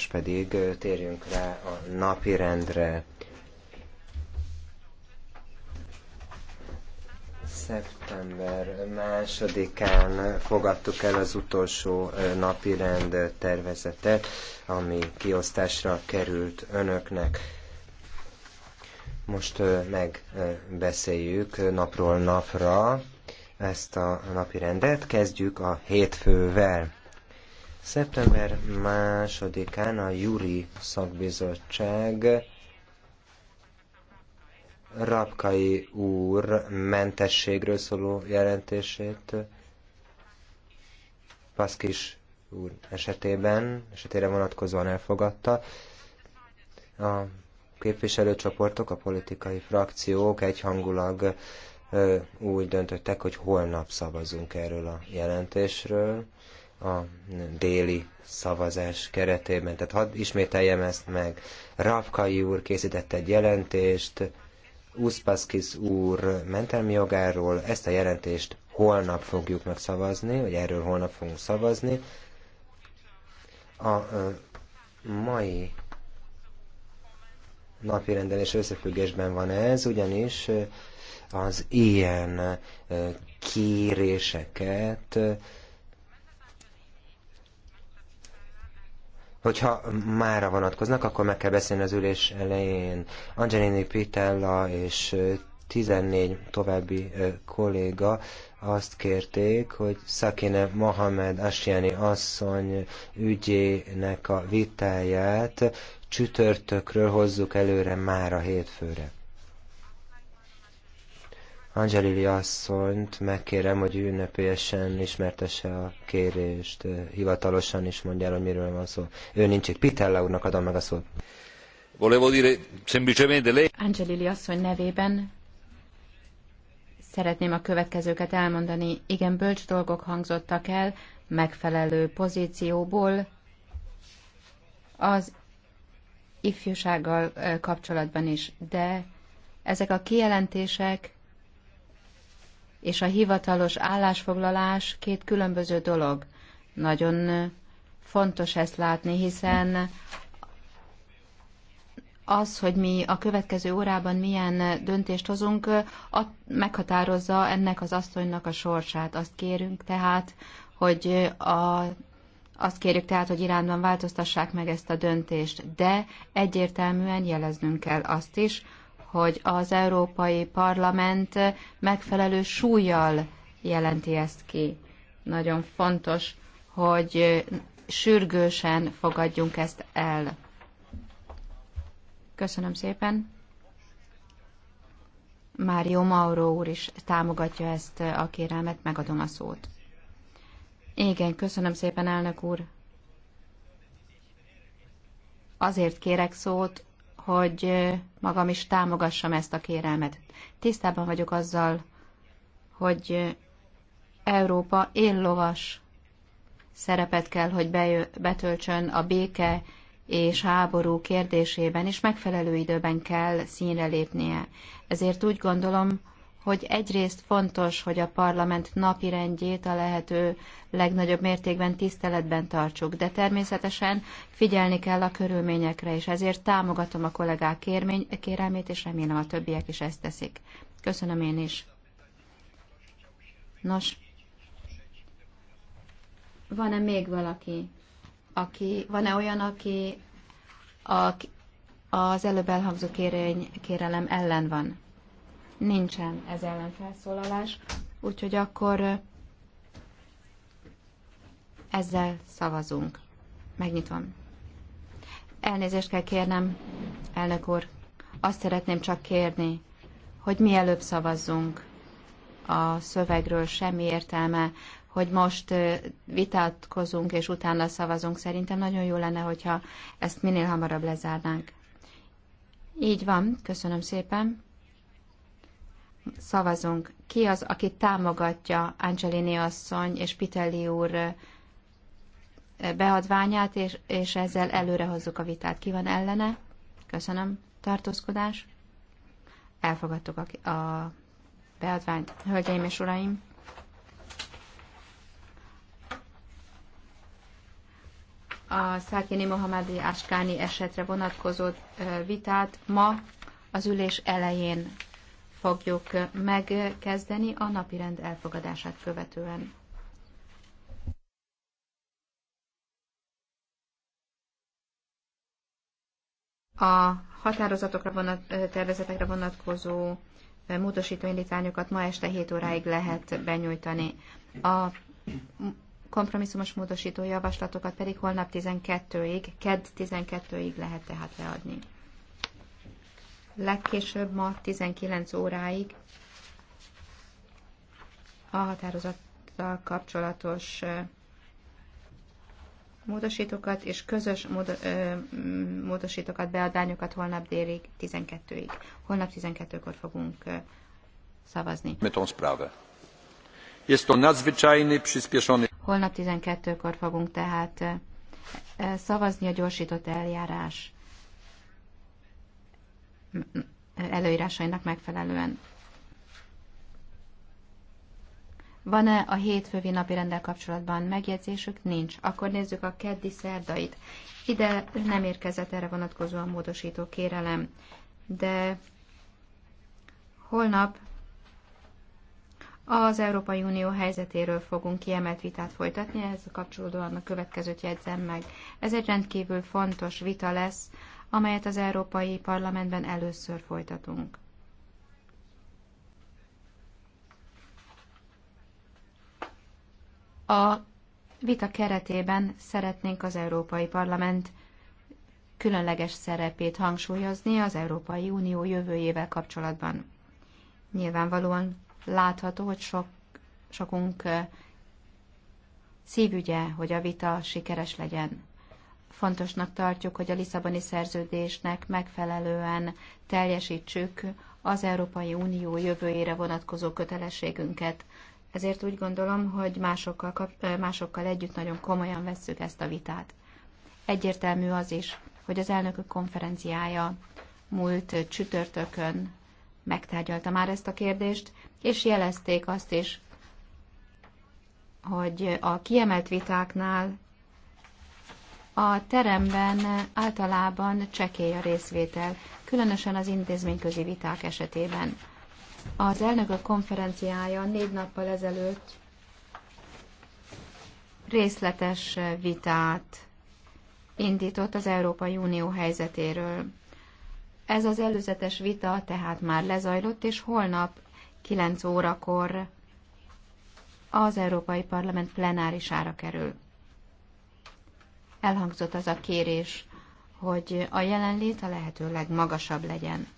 Most pedig térjünk rá a napi rendre. Szeptember másodikán fogadtuk el az utolsó napi rend tervezetet, ami kiosztásra került önöknek. Most megbeszéljük napról napra ezt a napi rendet. Kezdjük a hétfővel. Szeptember másodikán a Juri szakbizottság Rapkai úr mentességről szóló jelentését Paszkis úr esetében, esetére vonatkozóan elfogadta. A képviselőcsoportok, a politikai frakciók egyhangulag úgy döntöttek, hogy holnap szavazunk erről a jelentésről a déli szavazás keretében. Tehát hadd ismételjem ezt meg. Rapkai úr készített egy jelentést, Uszpaszkis úr mentelmi jogáról, ezt a jelentést holnap fogjuk megszavazni, vagy erről holnap fogunk szavazni. A mai napi rendelés összefüggésben van ez, ugyanis az ilyen kéréseket hogyha mára vonatkoznak, akkor meg kell beszélni az ülés elején. Angelini Pitella és 14 további kolléga azt kérték, hogy Szakine Mohamed Asiani asszony ügyének a vitáját csütörtökről hozzuk előre mára hétfőre. Angelili asszonyt megkérem, hogy ünnepélyesen ismertesse a kérést, hivatalosan is mondja el, hogy miről van szó. Ő nincs itt. Pitella úrnak adom meg a szót. Volevo dire semplicemente lei... Angelili asszony nevében szeretném a következőket elmondani. Igen, bölcs dolgok hangzottak el, megfelelő pozícióból az ifjúsággal kapcsolatban is, de ezek a kijelentések és a hivatalos állásfoglalás két különböző dolog. Nagyon fontos ezt látni, hiszen az, hogy mi a következő órában milyen döntést hozunk, meghatározza ennek az asszonynak a sorsát. Azt kérünk tehát, hogy a, azt kérjük tehát, hogy Iránban változtassák meg ezt a döntést, de egyértelműen jeleznünk kell azt is, hogy az Európai Parlament megfelelő súlyjal jelenti ezt ki. Nagyon fontos, hogy sürgősen fogadjunk ezt el. Köszönöm szépen. Mário Mauro úr is támogatja ezt a kérelmet, megadom a szót. Igen, köszönöm szépen, elnök úr. Azért kérek szót, hogy magam is támogassam ezt a kérelmet. Tisztában vagyok azzal, hogy Európa éllovas szerepet kell, hogy betöltsön a béke és háború kérdésében, és megfelelő időben kell színre lépnie. Ezért úgy gondolom, hogy egyrészt fontos, hogy a parlament napi rendjét a lehető legnagyobb mértékben tiszteletben tartsuk, de természetesen figyelni kell a körülményekre, és ezért támogatom a kollégák kérmény, kérelmét, és remélem a többiek is ezt teszik. Köszönöm én is. Nos, van-e még valaki, aki, van-e olyan, aki a, az előbb elhangzó kérény, kérelem ellen van? Nincsen ez ellen felszólalás, úgyhogy akkor ezzel szavazunk. Megnyitom. Elnézést kell kérnem, elnök úr. Azt szeretném csak kérni, hogy mielőbb szavazzunk a szövegről, semmi értelme, hogy most vitatkozunk és utána szavazunk. Szerintem nagyon jó lenne, hogyha ezt minél hamarabb lezárnánk. Így van, köszönöm szépen szavazunk. Ki az, aki támogatja Angelini asszony és Pitelli úr beadványát, és, és ezzel előrehozzuk a vitát. Ki van ellene? Köszönöm. Tartózkodás. Elfogadtuk a, a beadványt. Hölgyeim és uraim! A Szákini Mohamedi Áskáni esetre vonatkozó vitát ma az ülés elején fogjuk megkezdeni a napirend elfogadását követően. A határozatokra vonat, tervezetekre vonatkozó módosító indítványokat ma este 7 óráig lehet benyújtani. A kompromisszumos módosító javaslatokat pedig holnap 12-ig, KED 12-ig lehet tehát leadni legkésőbb ma 19 óráig a határozattal kapcsolatos módosítókat és közös módosítókat, beadványokat holnap délig 12-ig. Holnap 12-kor fogunk szavazni. Holnap 12-kor fogunk tehát szavazni a gyorsított eljárás előírásainak megfelelően. Van-e a hétfővi napi rendel kapcsolatban megjegyzésük? Nincs. Akkor nézzük a keddi szerdait. Ide nem érkezett erre vonatkozóan módosító kérelem, de holnap az Európai Unió helyzetéről fogunk kiemelt vitát folytatni, ehhez a kapcsolódóan a következőt jegyzem meg. Ez egy rendkívül fontos vita lesz amelyet az Európai Parlamentben először folytatunk. A vita keretében szeretnénk az Európai Parlament különleges szerepét hangsúlyozni az Európai Unió jövőjével kapcsolatban. Nyilvánvalóan látható, hogy sok, sokunk szívügye, hogy a vita sikeres legyen. Fontosnak tartjuk, hogy a Lisszaboni szerződésnek megfelelően teljesítsük az Európai Unió jövőjére vonatkozó kötelességünket. Ezért úgy gondolom, hogy másokkal, másokkal együtt nagyon komolyan vesszük ezt a vitát. Egyértelmű az is, hogy az elnökök konferenciája múlt csütörtökön megtárgyalta már ezt a kérdést, és jelezték azt is, hogy a kiemelt vitáknál a teremben általában csekély a részvétel, különösen az intézményközi viták esetében. Az elnökök konferenciája négy nappal ezelőtt részletes vitát indított az Európai Unió helyzetéről. Ez az előzetes vita tehát már lezajlott, és holnap 9 órakor az Európai Parlament plenárisára kerül elhangzott az a kérés, hogy a jelenlét a lehető legmagasabb legyen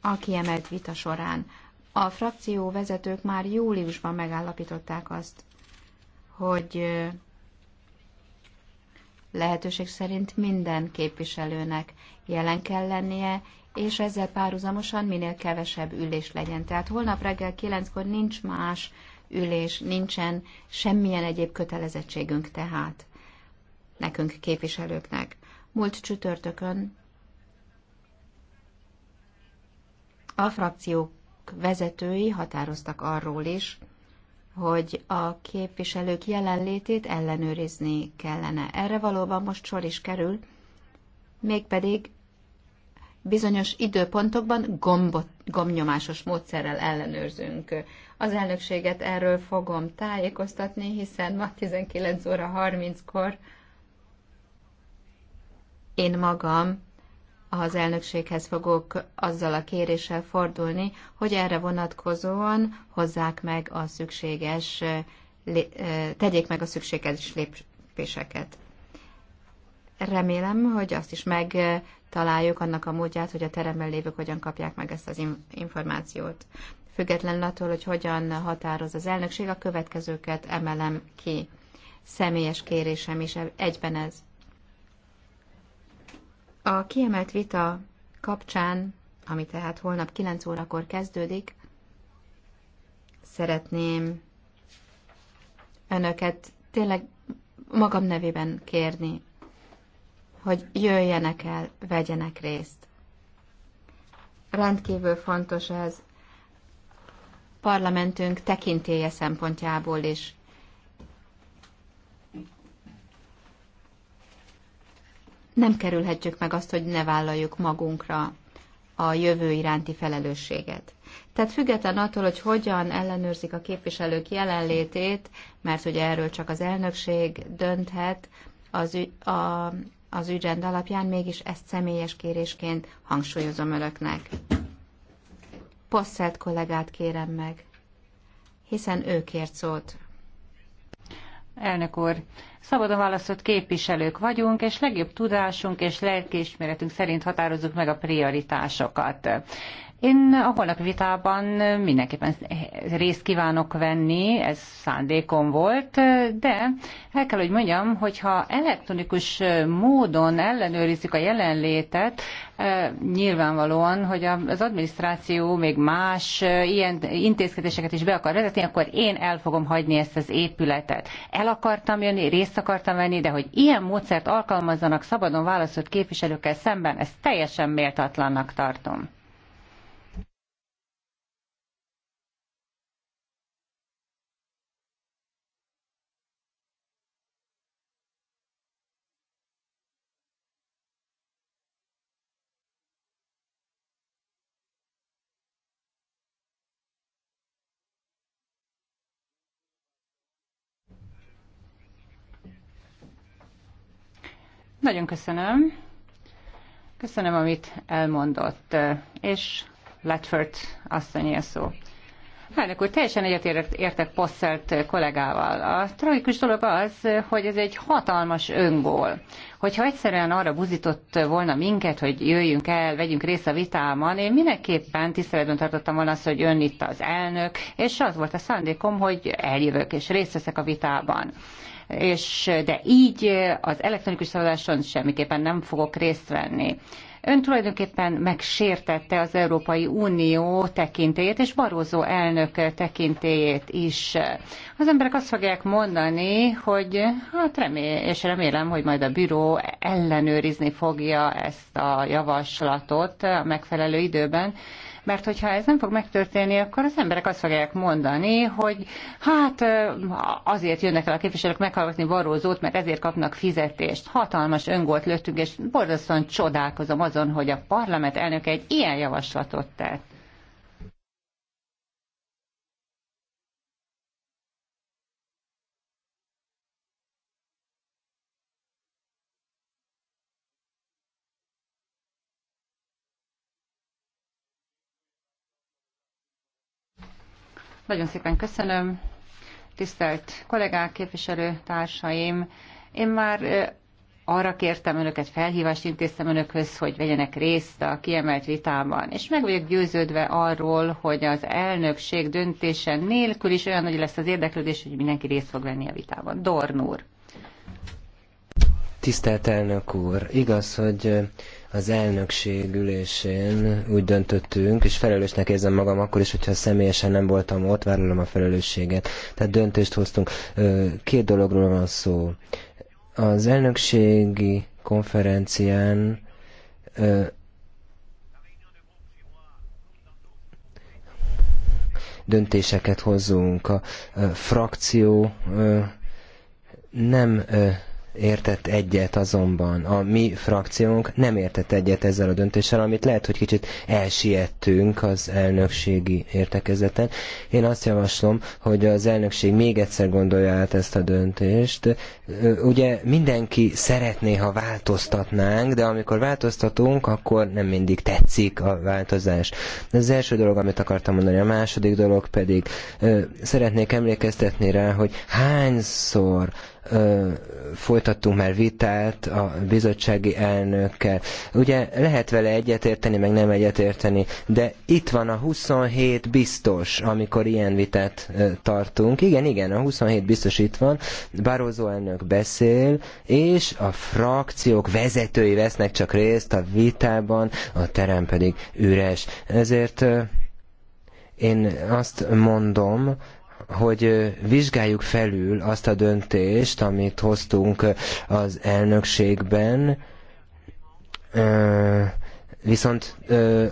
a kiemelt vita során. A frakció vezetők már júliusban megállapították azt, hogy lehetőség szerint minden képviselőnek jelen kell lennie, és ezzel párhuzamosan minél kevesebb ülés legyen. Tehát holnap reggel kilenckor nincs más ülés, nincsen semmilyen egyéb kötelezettségünk tehát nekünk képviselőknek. Múlt csütörtökön a frakciók vezetői határoztak arról is, hogy a képviselők jelenlétét ellenőrizni kellene. Erre valóban most sor is kerül, mégpedig bizonyos időpontokban gombot, gombnyomásos módszerrel ellenőrzünk. Az elnökséget erről fogom tájékoztatni, hiszen ma 19 óra 30-kor én magam az elnökséghez fogok azzal a kéréssel fordulni, hogy erre vonatkozóan hozzák meg a szükséges, tegyék meg a szükséges lépéseket. Remélem, hogy azt is meg találjuk annak a módját, hogy a teremben lévők hogyan kapják meg ezt az információt. Függetlenül attól, hogy hogyan határoz az elnökség, a következőket emelem ki. Személyes kérésem is e- egyben ez. A kiemelt vita kapcsán, ami tehát holnap 9 órakor kezdődik, szeretném önöket tényleg magam nevében kérni hogy jöjjenek el, vegyenek részt. Rendkívül fontos ez parlamentünk tekintélye szempontjából is. Nem kerülhetjük meg azt, hogy ne vállaljuk magunkra a jövő iránti felelősséget. Tehát független attól, hogy hogyan ellenőrzik a képviselők jelenlétét, mert ugye erről csak az elnökség dönthet, az, a, az ügyrend alapján, mégis ezt személyes kérésként hangsúlyozom önöknek. Posszelt kollégát kérem meg, hiszen ő kért szót. Elnök úr, szabadon választott képviselők vagyunk, és legjobb tudásunk és lelkiismeretünk szerint határozzuk meg a prioritásokat. Én a holnapi vitában mindenképpen részt kívánok venni, ez szándékom volt, de el kell, hogy mondjam, hogyha elektronikus módon ellenőrizzük a jelenlétet, eh, nyilvánvalóan, hogy az adminisztráció még más eh, ilyen intézkedéseket is be akar vezetni, akkor én el fogom hagyni ezt az épületet. El akartam jönni, részt akartam venni, de hogy ilyen módszert alkalmazzanak szabadon választott képviselőkkel szemben, ezt teljesen méltatlannak tartom. Nagyon köszönöm. Köszönöm, amit elmondott. És Letford a szó. Elnök úr, teljesen egyetértek értek Posselt kollégával. A tragikus dolog az, hogy ez egy hatalmas öngól. Hogyha egyszerűen arra buzított volna minket, hogy jöjjünk el, vegyünk részt a vitában, én mindenképpen tiszteletben tartottam volna azt, hogy ön itt az elnök, és az volt a szándékom, hogy eljövök és részt veszek a vitában és de így az elektronikus szavazáson semmiképpen nem fogok részt venni. Ön tulajdonképpen megsértette az Európai Unió tekintélyét, és Barózó elnök tekintélyét is. Az emberek azt fogják mondani, hogy hát remél, és remélem, hogy majd a büró ellenőrizni fogja ezt a javaslatot a megfelelő időben, mert hogyha ez nem fog megtörténni, akkor az emberek azt fogják mondani, hogy hát azért jönnek el a képviselők meghallgatni Barózót, mert ezért kapnak fizetést. Hatalmas öngolt lőttünk, és borzasztóan csodálkozom azon, hogy a parlament elnöke egy ilyen javaslatot tett. Nagyon szépen köszönöm. Tisztelt kollégák, képviselő társaim, én már arra kértem önöket, felhívást intéztem önökhöz, hogy vegyenek részt a kiemelt vitában. És meg vagyok győződve arról, hogy az elnökség döntése nélkül is olyan nagy lesz az érdeklődés, hogy mindenki részt fog venni a vitában. Dornúr. Tisztelt elnök úr, igaz, hogy az elnökség ülésén úgy döntöttünk, és felelősnek érzem magam akkor is, hogyha személyesen nem voltam ott, vállalom a felelősséget. Tehát döntést hoztunk. Két dologról van szó. Az elnökségi konferencián döntéseket hozzunk. A frakció nem értett egyet azonban. A mi frakciónk nem értett egyet ezzel a döntéssel, amit lehet, hogy kicsit elsiettünk az elnökségi értekezeten Én azt javaslom, hogy az elnökség még egyszer gondolja át ezt a döntést. Ugye mindenki szeretné, ha változtatnánk, de amikor változtatunk, akkor nem mindig tetszik a változás. de az első dolog, amit akartam mondani. A második dolog pedig szeretnék emlékeztetni rá, hogy hányszor folytattunk már vitát a bizottsági elnökkel. Ugye lehet vele egyetérteni, meg nem egyetérteni, de itt van a 27 biztos, amikor ilyen vitát tartunk. Igen, igen, a 27 biztos itt van, Barózó elnök beszél, és a frakciók vezetői vesznek csak részt a vitában, a terem pedig üres. Ezért én azt mondom, hogy vizsgáljuk felül azt a döntést, amit hoztunk az elnökségben, viszont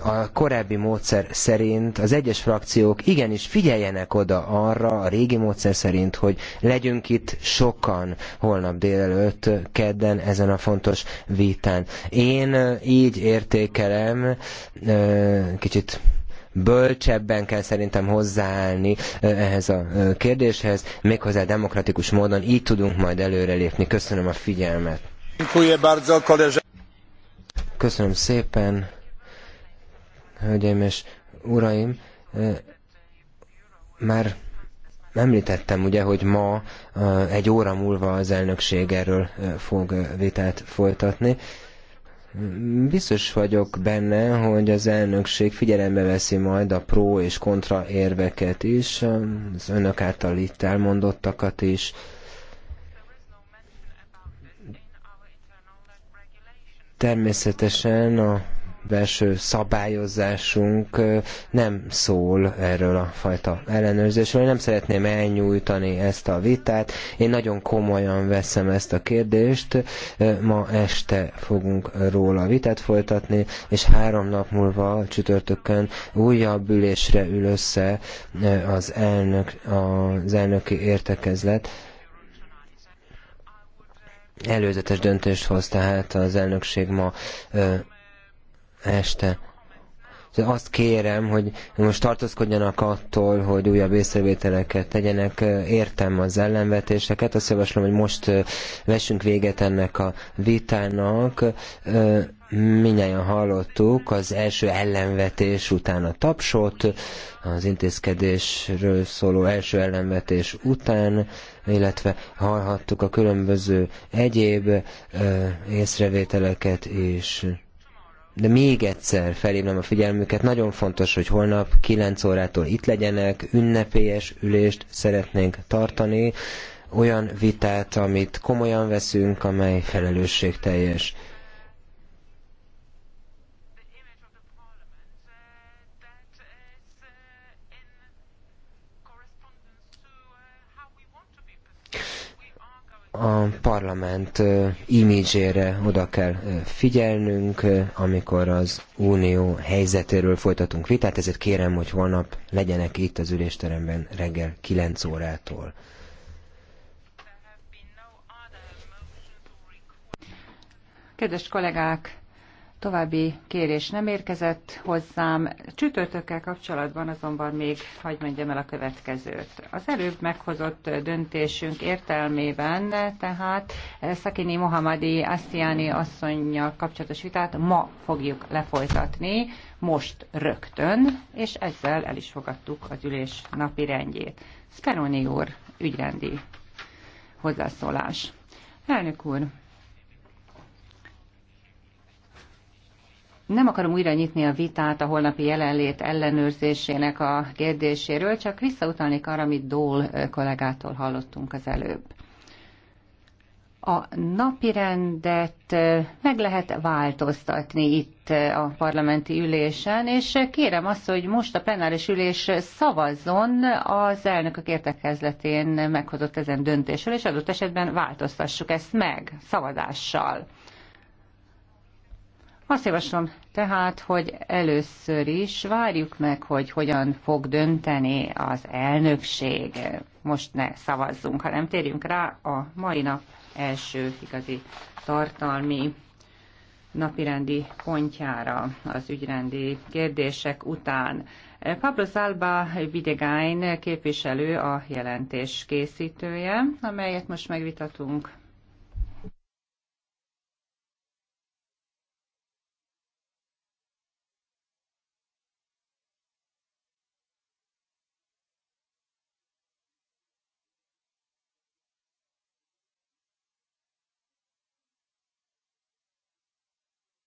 a korábbi módszer szerint az egyes frakciók igenis figyeljenek oda arra a régi módszer szerint, hogy legyünk itt sokan holnap délelőtt, kedden ezen a fontos vitán. Én így értékelem, kicsit bölcsebben kell szerintem hozzáállni ehhez a kérdéshez, méghozzá demokratikus módon így tudunk majd előrelépni. Köszönöm a figyelmet. Köszönöm szépen, hölgyeim és uraim. Már említettem ugye, hogy ma egy óra múlva az elnökség erről fog vitát folytatni. Biztos vagyok benne, hogy az elnökség figyelembe veszi majd a pró és kontra érveket is, az önök által itt elmondottakat is. Természetesen a belső szabályozásunk nem szól erről a fajta ellenőrzésről. Nem szeretném elnyújtani ezt a vitát. Én nagyon komolyan veszem ezt a kérdést. Ma este fogunk róla vitát folytatni, és három nap múlva csütörtökön újabb ülésre ül össze az, elnök, az elnöki értekezlet előzetes döntést hoz, tehát az elnökség ma este. Azt kérem, hogy most tartózkodjanak attól, hogy újabb észrevételeket tegyenek. Értem az ellenvetéseket. Azt javaslom, hogy most vessünk véget ennek a vitának. Minnyáján hallottuk az első ellenvetés után a tapsot, az intézkedésről szóló első ellenvetés után, illetve hallhattuk a különböző egyéb észrevételeket is. És de még egyszer felhívnám a figyelmüket, nagyon fontos, hogy holnap 9 órától itt legyenek, ünnepélyes ülést szeretnénk tartani, olyan vitát, amit komolyan veszünk, amely felelősségteljes. a parlament imidzsére oda kell figyelnünk, amikor az unió helyzetéről folytatunk vitát, ezért kérem, hogy holnap legyenek itt az ülésteremben reggel 9 órától. Kedves kollégák, További kérés nem érkezett hozzám. Csütörtökkel kapcsolatban azonban még hagyd mondjam el a következőt. Az előbb meghozott döntésünk értelmében tehát eh, Szakini Mohamadi Asziani asszonynal kapcsolatos vitát ma fogjuk lefolytatni, most rögtön, és ezzel el is fogadtuk az ülés napi rendjét. Speroni úr, ügyrendi hozzászólás. Elnök úr, Nem akarom újra nyitni a vitát a holnapi jelenlét ellenőrzésének a kérdéséről, csak visszautalnék arra, amit Dól kollégától hallottunk az előbb. A rendet meg lehet változtatni itt a parlamenti ülésen, és kérem azt, hogy most a plenáris ülés szavazzon az elnökök értekezletén meghozott ezen döntésről, és adott esetben változtassuk ezt meg szavazással. Azt javaslom tehát, hogy először is várjuk meg, hogy hogyan fog dönteni az elnökség. Most ne szavazzunk, hanem térjünk rá a mai nap első igazi tartalmi napirendi pontjára az ügyrendi kérdések után. Pablo Zalba Videgain képviselő a jelentés készítője, amelyet most megvitatunk.